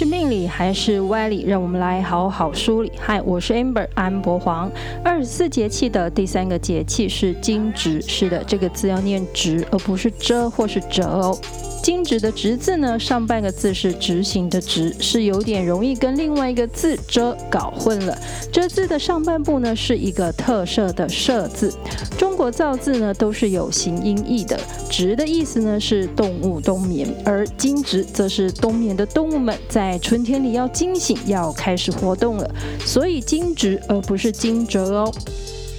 是命理還是歪理？讓我們來好好梳理。嗨，我是 Amber 安伯黃。二十四節氣的第三個節氣是驚蟄。是的，這個字要念“蟄”，而不是“折”或是“折”哦。驚蟄的“蟄”字呢，上半個字是“執行”的“執”，是有點容易跟另外一個字“蜇”搞混了。“蜇”字的上半部呢是一個“特色”的“設”字。中國造字呢都是有形音義的，“蟄”的意思呢是動物冬眠，而驚蟄則是冬眠的動物們在春天裡要驚醒，要開始活動了，所以驚蟄而不是驚蟄哦。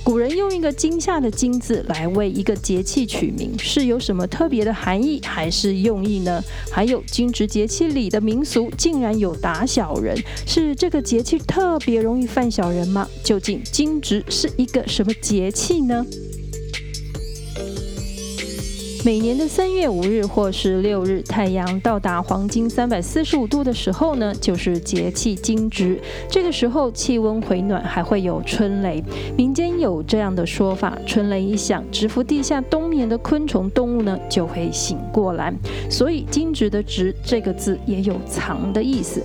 古人用一個“驚嚇”的“驚”字來為一個節氣取名，是有什麼特別的含義還是用意呢？還有驚蟄節氣裡的民俗竟然有打小人，是這個節氣特別容易犯小人嗎？究竟驚蟄是一個什麼節氣呢？每年的三月五日或是六日，太陽到達黃金三百四十五度的時候呢，就是節氣驚蟄。這個時候氣溫回暖，還會有春雷。民間有這樣的說法：春雷一響，蟄伏地下冬眠的昆蟲動物呢就會醒過來。所以驚蟄的“蟄”這個字也有藏的意思。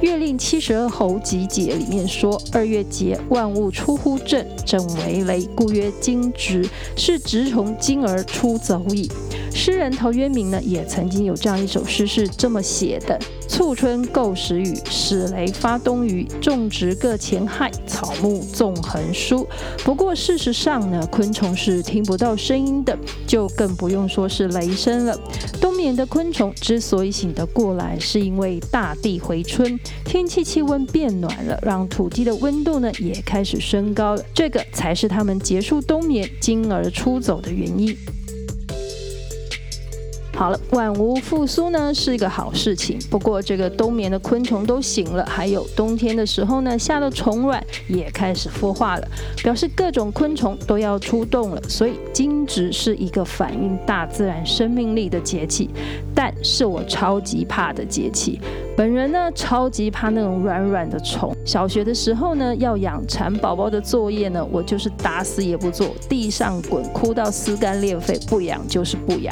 《月令七十二候集解》裡面說：“二月節，萬物出乎震，震為雷，故曰驚蟄。是蟄蟲驚而出走矣。”詩人陶淵明呢，也曾經有這樣一首詩是這麼寫的：“促春遘時雨，始雷發東隅。種植各前害，草木縱橫疏。”不過事實上呢，昆蟲是聽不到聲音的，就更不用說是雷聲了。冬眠的昆蟲之所以醒得過來，是因為大地回春，天氣氣溫變暖了，讓土地的溫度呢也開始升高了。這個才是它們結束冬眠，驚而出走的原因。好了，萬物復甦呢，是一個好事情。不過，這個冬眠的昆蟲都醒了，還有冬天的時候呢，下的蟲卵也開始孵化了，表示各種昆蟲都要出動了。所以，驚蟄是一個反映大自然生命力的節氣，但是我超級怕的節氣。本人呢，超級怕那種軟軟的蟲。小學的時候呢，要養蠶寶寶的作業呢，我就是打死也不做，地上滾，哭到撕肝裂肺，不養就是不養。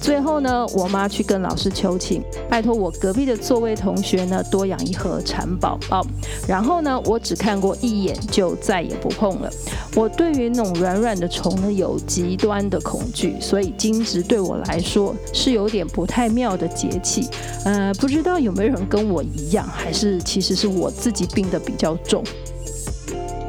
最後呢，我媽去跟老師求情，拜託我隔壁的座位同學呢，多養一盒蠶寶寶。然後呢，我只看過一眼就再也不碰了。我對於那種軟軟的蟲呢，有極端的恐懼，所以驚蟄對我來說是有點不太妙的節氣。呃，不知道有沒有人。跟我一樣，還是其實是我自己病得比較重。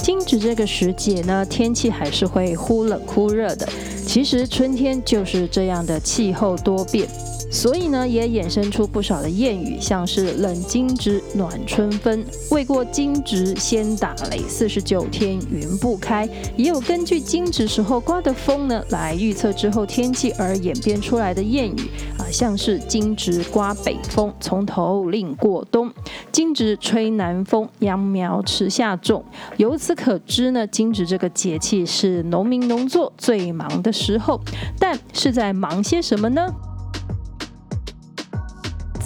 正值這個時節呢，天氣還是會忽冷忽熱的。其實春天就是這樣的，氣候多變。所以呢，也衍生出不少的諺語，像是“冷驚蟄，暖春分”，未過驚蟄先打雷，四十九天雲不開。也有根據驚蟄時候刮的風呢，來預測之後天氣而演變出來的諺語啊、呃，像是“驚蟄刮北風，從頭另過冬”，驚蟄吹南風，秧苗遲下種。由此可知呢，驚蟄這個節氣是農民農作最忙的時候，但是在忙些什麼呢？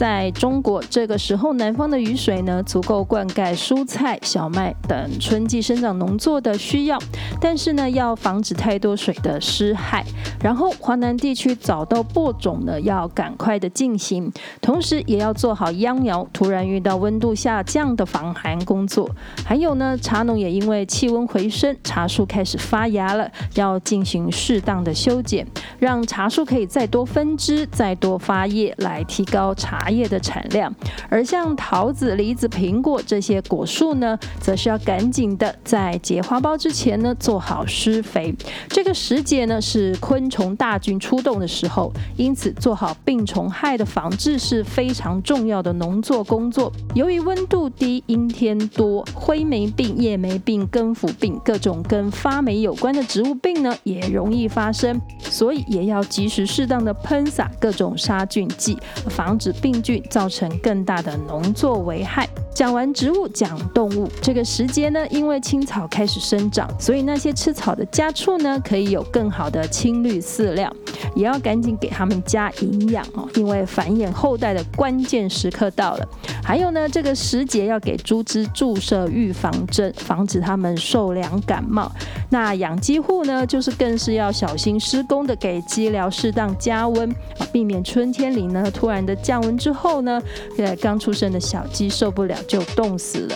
在中國，這個時候南方的雨水呢，足夠灌溉蔬菜、小麥等春季生長農作的需要，但是呢要防止太多水的濕害。然後華南地區早稻播種呢要趕快的進行，同時也要做好秧苗突然遇到溫度下降的防寒工作。還有呢，茶農也因為氣溫回升，茶樹開始發芽了，要進行適當的修剪，讓茶樹可以再多分枝、再多發葉，來提高茶。葉的產量，而像桃子、梨子、蘋果這些果樹呢，則是要趕緊的在結花苞之前呢做好施肥。這個時節呢是昆蟲大軍出動的時候，因此做好病蟲害的防治是非常重要的農作工作。由於溫度低、陰天多，灰霉病、葉霉病、根腐病各種跟發霉有關的植物病呢也容易發生，所以也要及時適當的噴灑各種殺菌劑，防止病。造成更大的農作危害。講完植物，講動物。這個時節呢，因為青草開始生長，所以那些吃草的家畜呢，可以有更好的青綠飼料，也要趕緊給他們加營養哦。因為繁衍後代的關鍵時刻到了。還有呢，這個時節要給豬只注射預防針，防止它們受涼感冒。那養雞戶呢，就是更是要小心施工的，給雞寮適當加溫，啊，避免春天裡呢突然的降溫之後呢，呃，剛出生的小雞受不了。就凍死了，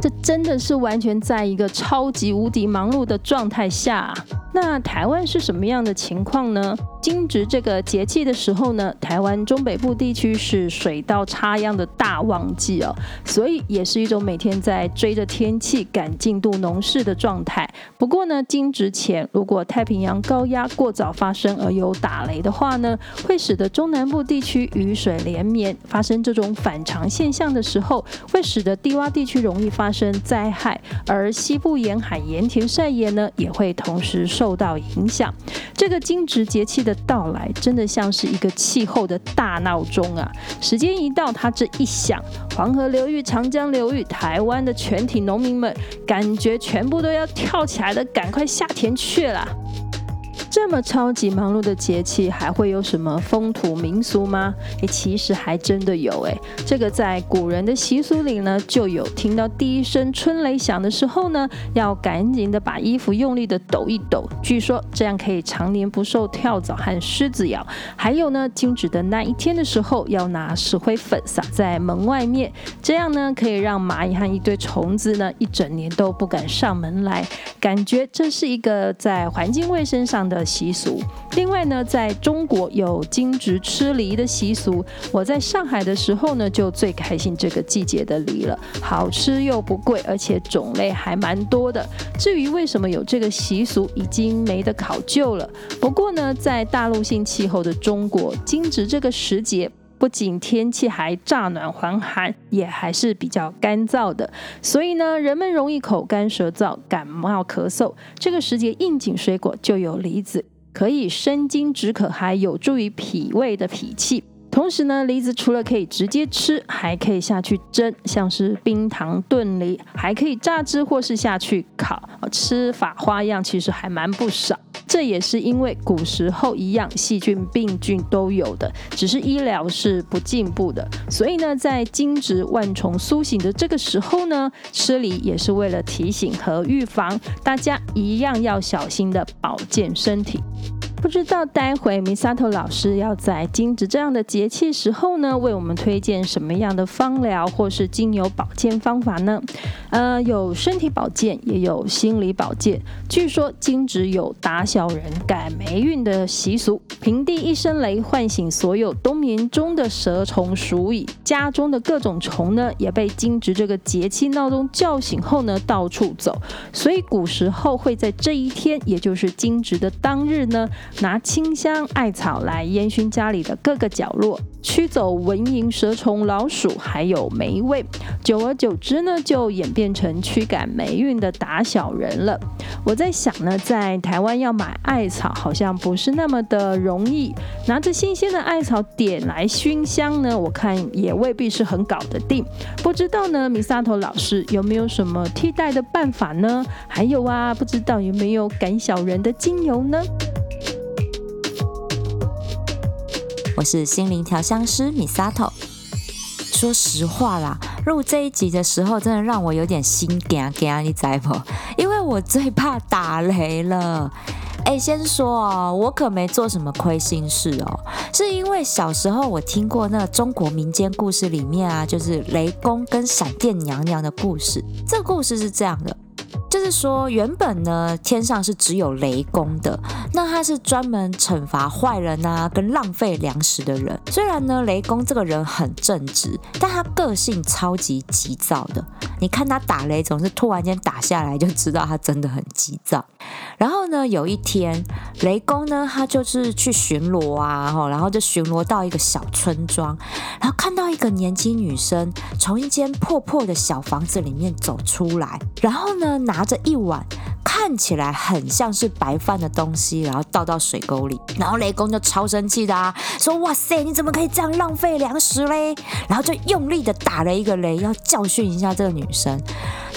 這真的是完全在一個超級無敵忙碌的狀態下，啊。那台灣是什麼樣的情況呢？驚蟄這個節氣的時候呢，台灣中北部地區是水稻插秧的大旺季哦，所以也是一種每天在追着天氣趕進度農事的狀態。不過呢，驚蟄前如果太平洋高壓過早發生而有打雷的話呢，會使得中南部地區雨水連綿，發生這種反常現象的時候，會使得低窪地區容易發生災害，而西部沿海鹽田曬鹽呢，也會同時受。受到影響，這個驚蟄節氣的到來，真的像是一個氣候的大鬧鐘啊！時間一到，它這一響，黃河流域、長江流域、台灣的全體農民們，感覺全部都要跳起來了，趕快下田去了。這麼超級忙碌的節氣，還會有什麼風土民俗嗎？哎，其實還真的有哎，這個在古人的習俗裡呢，就有聽到第一聲春雷響的時候呢，要趕緊的把衣服用力的抖一抖，據說這樣可以常年不受跳蚤和蝨子咬。還有呢，驚蟄的那一天的時候，要拿石灰粉撒在門外面，這樣呢可以讓螞蟻和一堆蟲子呢一整年都不敢上門來。感覺這是一個在環境衛生上。的習俗，另外呢，在中國有驚蟄吃梨的習俗。我在上海的時候呢，就最開心這個季節的梨了，好吃又不貴，而且種類還蠻多的。至於為什麼有這個習俗，已經沒得考究了。不過呢，在大陸性氣候的中國，驚蟄這個時節。不僅天氣還乍暖還寒，也還是比較乾燥的，所以呢，人們容易口乾舌燥，感冒咳嗽。這個時節，應景水果就有梨子，可以生津止渴，還有助於脾胃的脾氣。同時呢，梨子除了可以直接吃，還可以下去蒸，像是冰糖燉梨，還可以榨汁或是下去烤。哦，吃法花樣其實還蠻不少。這也是因為古時候一樣細菌病菌都有的，只是醫療是不進步的。所以呢，在驚蟄萬蟲甦醒的這個時候呢，吃梨也是為了提醒和預防大家一樣要小心的保健身體。不知道待會米薩托老師要在驚蟄這樣的節氣時候呢，為我們推薦什麼樣的芳療或是精油保健方法呢？呃，有身體保健，也有心理保健。據說驚蟄有打小人、改霉運的習俗，平地一聲雷，喚醒所有冬眠中的蛇蟲鼠蟻，家中的各種蟲呢，也被驚蟄這個節氣鬧鐘叫醒後呢，到處走。所以古時候會在這一天，也就是驚蟄的當日呢，拿清香艾草來煙燻家裡的各個角落，驅走蚊蠅、蛇蟲、老鼠，還有霉味。久而久之呢，就演變成驅趕霉運的打小人了。我在想呢，在台灣要買艾草好像不是那麼的容易。拿着新鮮的艾草點來燻香呢，我看也未必是很搞得定。不知道呢，Misato 老師有沒有什麼替代的辦法呢？還有啊，不知道有沒有趕小人的精油呢？我是心靈調香師 Misato。說實話啦，錄這一集的時候，真的讓我有點心驚驚的在婆，因為我最怕打雷了。哎，先說哦，我可沒做什麼虧心事哦，是因為小時候我聽過那中國民間故事裡面啊，就是雷公跟閃電娘娘的故事。這個故事是這樣的。就是說，原本呢，天上是只有雷公的，那他是專門懲罰壞人啊，跟浪費糧食的人。雖然呢，雷公這個人很正直，但他個性超級急躁的。你看他打雷，總是突然間打下來，就知道他真的很急躁。然後呢，有一天，雷公呢，他就是去巡邏啊，然後就巡邏到一個小村莊，然後看。一個年輕女生從一間破破的小房子裡面走出來，然後呢，拿着一碗看起來很像是白飯的東西，然後倒到水溝裡，然後雷公就超生氣的啊，說：“哇塞，你怎麼可以這樣浪費糧食嘞？”然後就用力的打了一個雷，要教訓一下這個女生。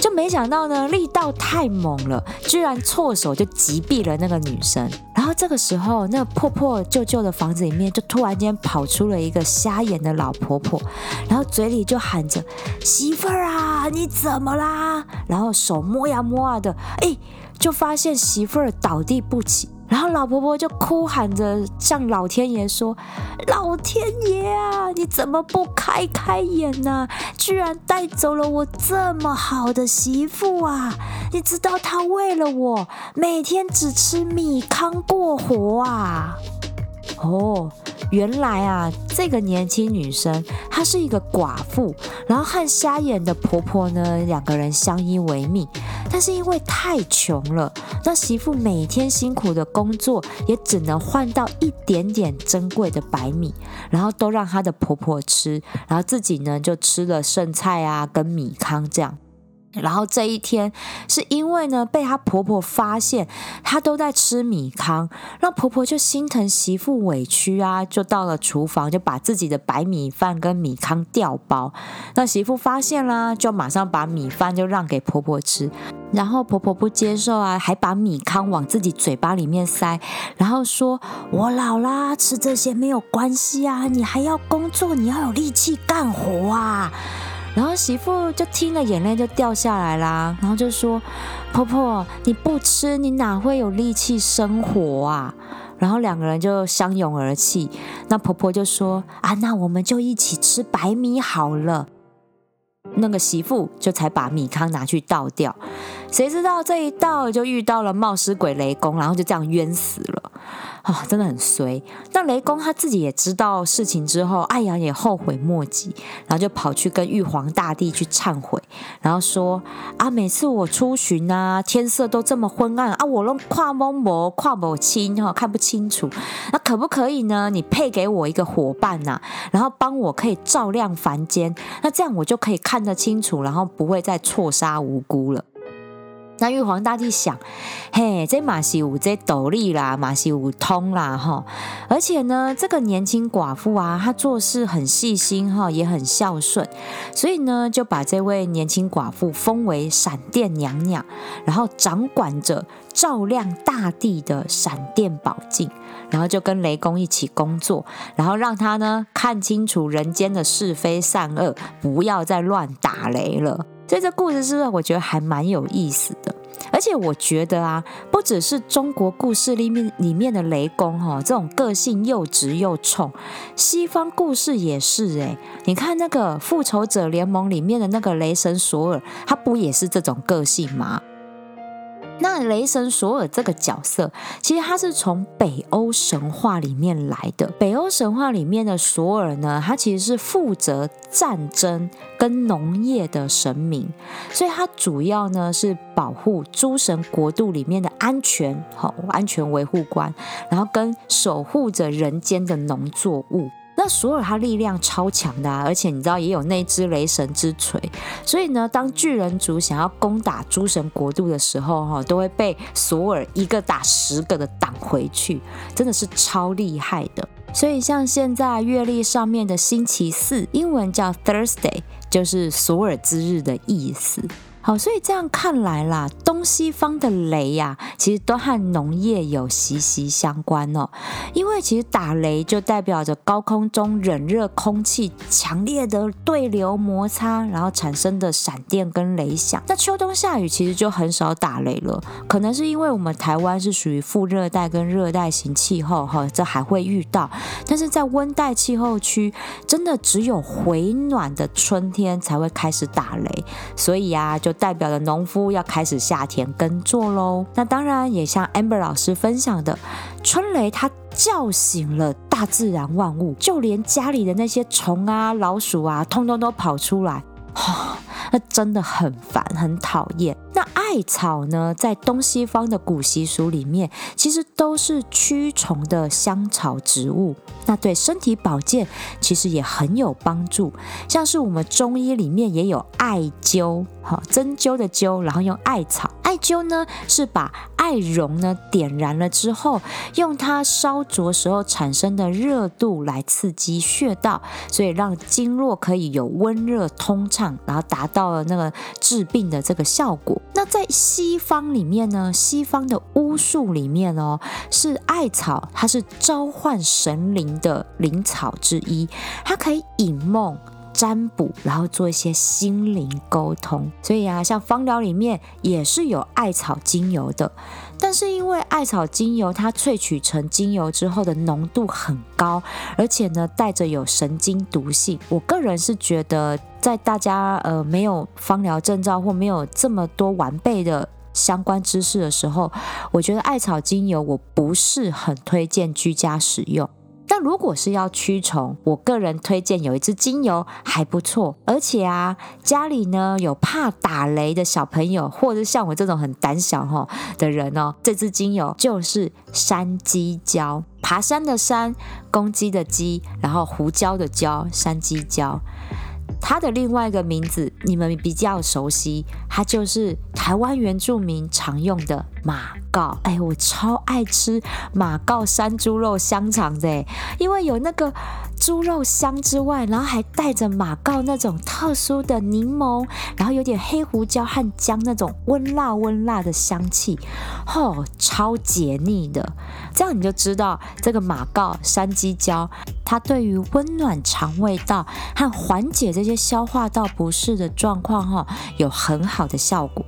就沒想到呢，力道太猛了，居然錯手就擊斃了那個女生。然後這個時候，那破破舊舊的房子裡面就突然間跑出了一個瞎眼的老婆婆，然後嘴裡就喊着：“媳婦兒啊，你怎麼啦？”然後手摸呀摸啊的，誒，就發現媳婦兒倒地不起。然後老婆婆就哭喊着向老天爺說：“老天爺啊，你怎麼不開開眼呢、啊？居然帶走了我這麼好的媳婦啊！你知道她為了我每天只吃米糠過活啊！”哦。原來啊，這個年輕女生她是一個寡婦，然後和瞎眼的婆婆呢兩個人相依為命，但是因為太窮了，那媳婦每天辛苦的工作也只能換到一點點珍貴的白米，然後都讓她的婆婆吃，然後自己呢就吃了剩菜啊跟米糠這樣。然後這一天是因為呢被她婆婆發現她都在吃米糠，讓婆婆就心疼媳婦委屈啊，就到了廚房就把自己的白米飯跟米糠掉包。那媳婦發現啦，就馬上把米飯就讓給婆婆吃，然後婆婆不接受啊，還把米糠往自己嘴巴裡面塞，然後說：“我老啦，吃這些沒有關係啊，你還要工作，你要有力氣幹活啊。”然後媳婦就聽了，眼淚就掉下來啦。然後就說：“婆婆，你不吃，你哪會有力氣生活啊？”然後兩個人就相擁而泣。那婆婆就說：“啊，那我們就一起吃白米好了。”那個媳婦就才把米糠拿去倒掉，誰知道這一倒就遇到了冒失鬼雷公，然後就這樣冤死了。啊、哦，真的很衰。那雷公他自己也知道事情之後，艾陽也後悔莫及，然後就跑去跟玉皇大帝去懺悔，然後說：啊，每次我出巡啊，天色都這麼昏暗啊，我弄跨蒙模跨某清哦，看不清楚。那可不可以呢？你配給我一個伙伴吶、啊，然後幫我可以照亮凡間，那這樣我就可以看得清楚，然後不會再錯殺無辜了。那玉皇大帝想，嘿，這嘛是有這道理啦，嘛是有通啦哈，而且呢，這個年輕寡婦啊，她做事很細心哈，也很孝順，所以呢，就把這位年輕寡婦封為閃電娘娘，然後掌管着照亮大地的閃電寶鏡，然後就跟雷公一起工作，然後讓她呢，看清楚人間的是非善惡，不要再亂打雷了。所以這故事是不是我覺得還蠻有意思的，而且我覺得啊，不只是中國故事裡面裡面的雷公哈這種個性又直又衝，西方故事也是，欸、你看那個復仇者聯盟裡面的那個雷神索爾，他不也是這種個性嗎？雷神索爾這個角色，其實他是從北歐神話裡面來的。北歐神話裡面的索爾呢，他其實是負責戰爭跟農業的神明，所以他主要呢是保護諸神國度裡面的安全，好、哦、安全維護官，然後跟守護着人間的農作物。那索爾他力量超強的啊，而且你知道也有那支雷神之錘，所以呢，當巨人族想要攻打諸神國度的時候，都會被索爾一個打十個的擋回去，真的是超厲害的。所以像現在月曆上面的星期四，英文叫 Thursday，就是索爾之日的意思。好，所以這樣看來啦，東西方的雷呀、啊，其實都和農業有息息相關哦。因為其實打雷就代表着高空中冷熱空氣強烈的對流摩擦，然後產生的閃電跟雷響。那秋冬下雨其實就很少打雷了，可能是因為我們台灣是屬於副熱帶跟熱帶型氣候哈、哦，這還會遇到。但是在溫帶氣候區，真的只有回暖的春天才會開始打雷，所以啊，就。代表了農夫要開始下田耕作嘍。那當然也像 Amber 老師分享的，春雷它叫醒了大自然萬物，就連家裡的那些蟲啊、老鼠啊，通通都跑出來。那真的很煩，很討厭。那艾草呢，在東西方的古習俗裡面，其實都是驅蟲的香草植物。那對身體保健其實也很有幫助，像是我們中醫裡面也有艾灸。好，針灸的灸，然後用艾草。艾灸呢，是把艾絨呢點燃了之後，用它燒灼的時候產生的熱度來刺激穴道，所以讓經絡可以有溫熱通暢，然後達到了那個治病的這個效果。那在西方裡面呢，西方的巫術裡面哦，是艾草，它是召喚神靈的靈草之一，它可以引夢。占卜，然後做一些心靈溝通，所以啊，像芳療裡面也是有艾草精油的，但是因為艾草精油它萃取成精油之後的濃度很高，而且呢帶着有神經毒性，我個人是覺得在大家呃沒有芳療證照或沒有這麼多完備的相關知識的時候，我覺得艾草精油我不是很推薦居家使用。但如果是要驅蟲，我個人推薦有一支精油還不錯，而且啊，家裡呢有怕打雷的小朋友，或者像我這種很膽小的人哦，這支精油就是山雞椒，爬山的山，公雞的雞，然後胡椒的椒，山雞椒。它的另外一個名字，你們比較熟悉，它就是台灣原住民常用的馬告。哎，我超愛吃馬告山豬肉香腸的，哎，因為有那個。豬肉香之外，然後還帶着馬告那種特殊的檸檬，然後有點黑胡椒和薑那種溫辣溫辣的香氣，吼、哦，超解膩的。這樣你就知道這個馬告山雞椒，它對於溫暖腸胃道和緩解這些消化道不適的狀況，哈、哦，有很好的效果。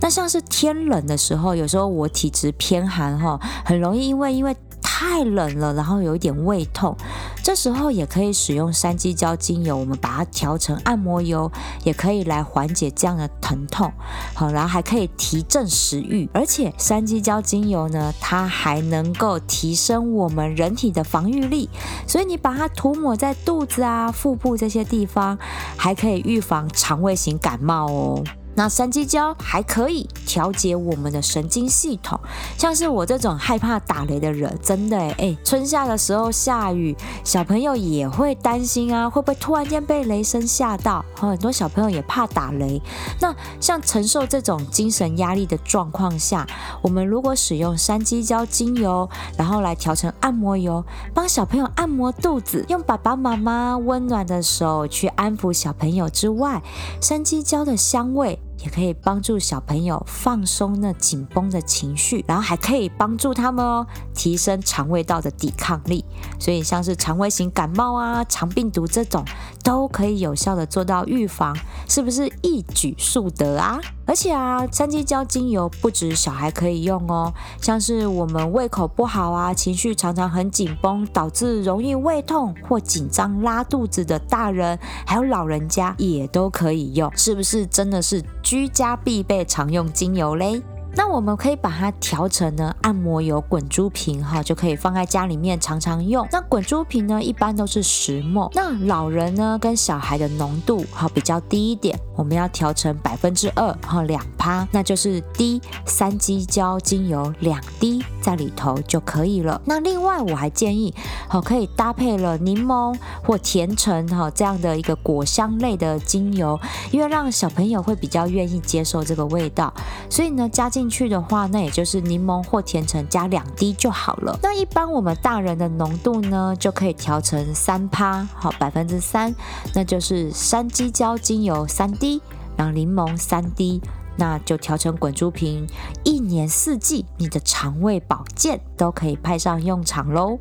那像是天冷的時候，有時候我體質偏寒，哈、哦，很容易因為因為太冷了，然後有一點胃痛，這時候也可以使用山雞椒精油，我們把它調成按摩油，也可以來緩解這樣的疼痛。好，然後還可以提振食欲，而且山雞椒精油呢，它還能夠提升我們人體的防御力，所以你把它塗抹在肚子啊、腹部這些地方，還可以預防腸胃型感冒哦。那山雞椒還可以調節我們的神經系統，像是我這種害怕打雷的人，真的哎哎，春夏的時候下雨，小朋友也會擔心啊，會不會突然間被雷聲嚇到？很多小朋友也怕打雷。那像承受這種精神壓力的狀況下，我們如果使用山雞椒精油，然後來調成按摩油，幫小朋友按摩肚子，用爸爸媽媽溫暖的手去安撫小朋友之外，山雞椒的香味，也可以幫助小朋友放鬆那緊繃的情緒，然後還可以幫助他們哦，提升腸胃道的抵抗力。所以像是腸胃型感冒啊、腸病毒這種。都可以有效的做到預防，是不是一舉數得啊？而且啊，山雞椒精油不止小孩可以用哦，像是我們胃口不好啊，情緒常常很緊繃，導致容易胃痛或緊張拉肚子的大人，還有老人家也都可以用，是不是真的是居家必備常用精油嘞？那我們可以把它調成呢按摩油、滾珠瓶哈、哦，就可以放在家裡面常常用。那滾珠瓶呢一般都是十毫。那老人呢跟小孩的濃度哈、哦，比較低一點，我們要調成百分之二哈，兩趴，那就是滴三滴椒精油兩滴在裡頭就可以了。那另外我還建議哈、哦，可以搭配了檸檬或甜橙哈、哦，這樣的一個果香類的精油，因為讓小朋友會比較願意接受這個味道，所以呢加進。進去的話，那也就是檸檬或甜橙加兩滴就好了。那一般我們大人的濃度呢，就可以調成三趴，好，百分之三，那就是山雞椒精油三滴，然後檸檬三滴，那就調成滾珠瓶，一年四季你的腸胃保健都可以派上用場嘍。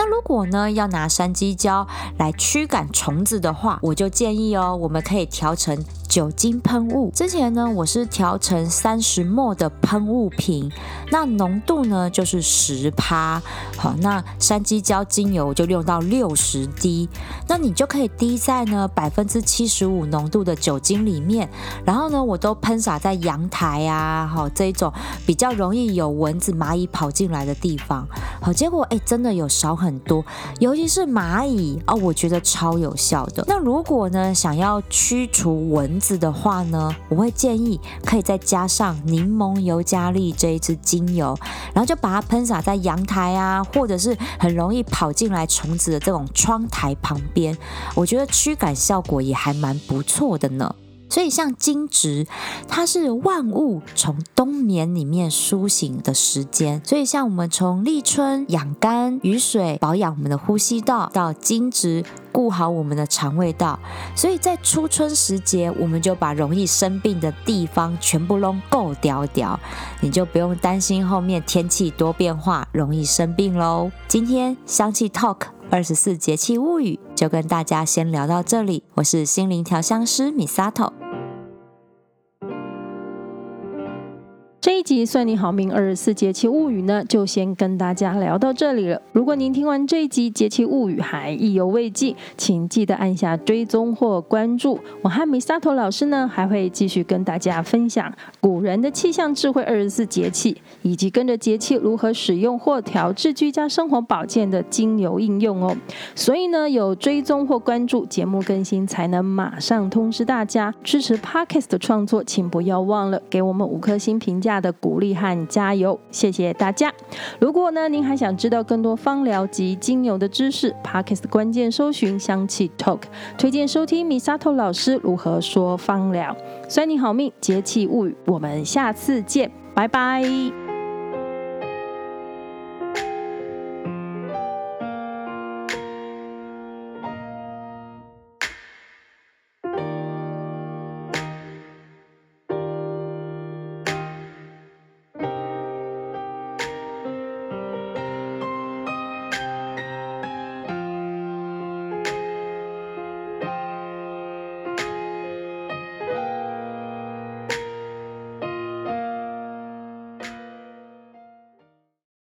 那如果呢，要拿山雞椒來驅趕蟲子的話，我就建議哦，我們可以調成酒精噴霧。之前呢，我是調成三十 ml 的噴霧瓶，那濃度呢就是十趴。好，那山雞椒精油我就用到六十滴，那你就可以滴在呢百分之七十五濃度的酒精裡面，然後呢，我都噴灑在陽台啊，哈這種比較容易有蚊子、螞蟻跑進來的地方。好，結果哎，真的有少很。很多，尤其是螞蟻哦。我覺得超有效的。那如果呢，想要驅除蚊子的話呢，我會建議可以再加上檸檬尤加利這一支精油，然後就把它噴灑在陽台啊，或者是很容易跑進來蟲子的這種窗台旁邊，我覺得驅趕效果也還蠻不錯的呢。所以，像驚蟄，它是萬物從冬眠裡面甦醒的時間。所以，像我們從立春養肝、雨水保養我們的呼吸道，到驚蟄，顧好我們的腸胃道。所以在初春時節，我們就把容易生病的地方全部弄夠掉掉，你就不用擔心後面天氣多變化容易生病嘍。今天香氣 talk，二十四節氣物語就跟大家先聊到這裡。我是心靈調香師 Misato。算你好命二十四節氣物語呢，就先跟大家聊到這裡了。如果您聽完這一集節氣物語還意猶未盡，請記得按下追蹤或關注。我和米薩托老師呢，還會繼續跟大家分享古人的氣象智慧二十四節氣，以及跟着節氣如何使用或調製居家生活保健的精油應用哦。所以呢，有追蹤或關注節目更新，才能馬上通知大家。支持 Podcast 的創作，請不要忘了給我們五顆星評價的。鼓勵和加油，謝謝大家。如果呢，您還想知道更多芳療及精油的知識，Podcast 的關鍵搜尋香氣 Talk，推薦收聽 Misato 老師如何說芳療。算你好命，節氣物語，我們下次見，拜拜。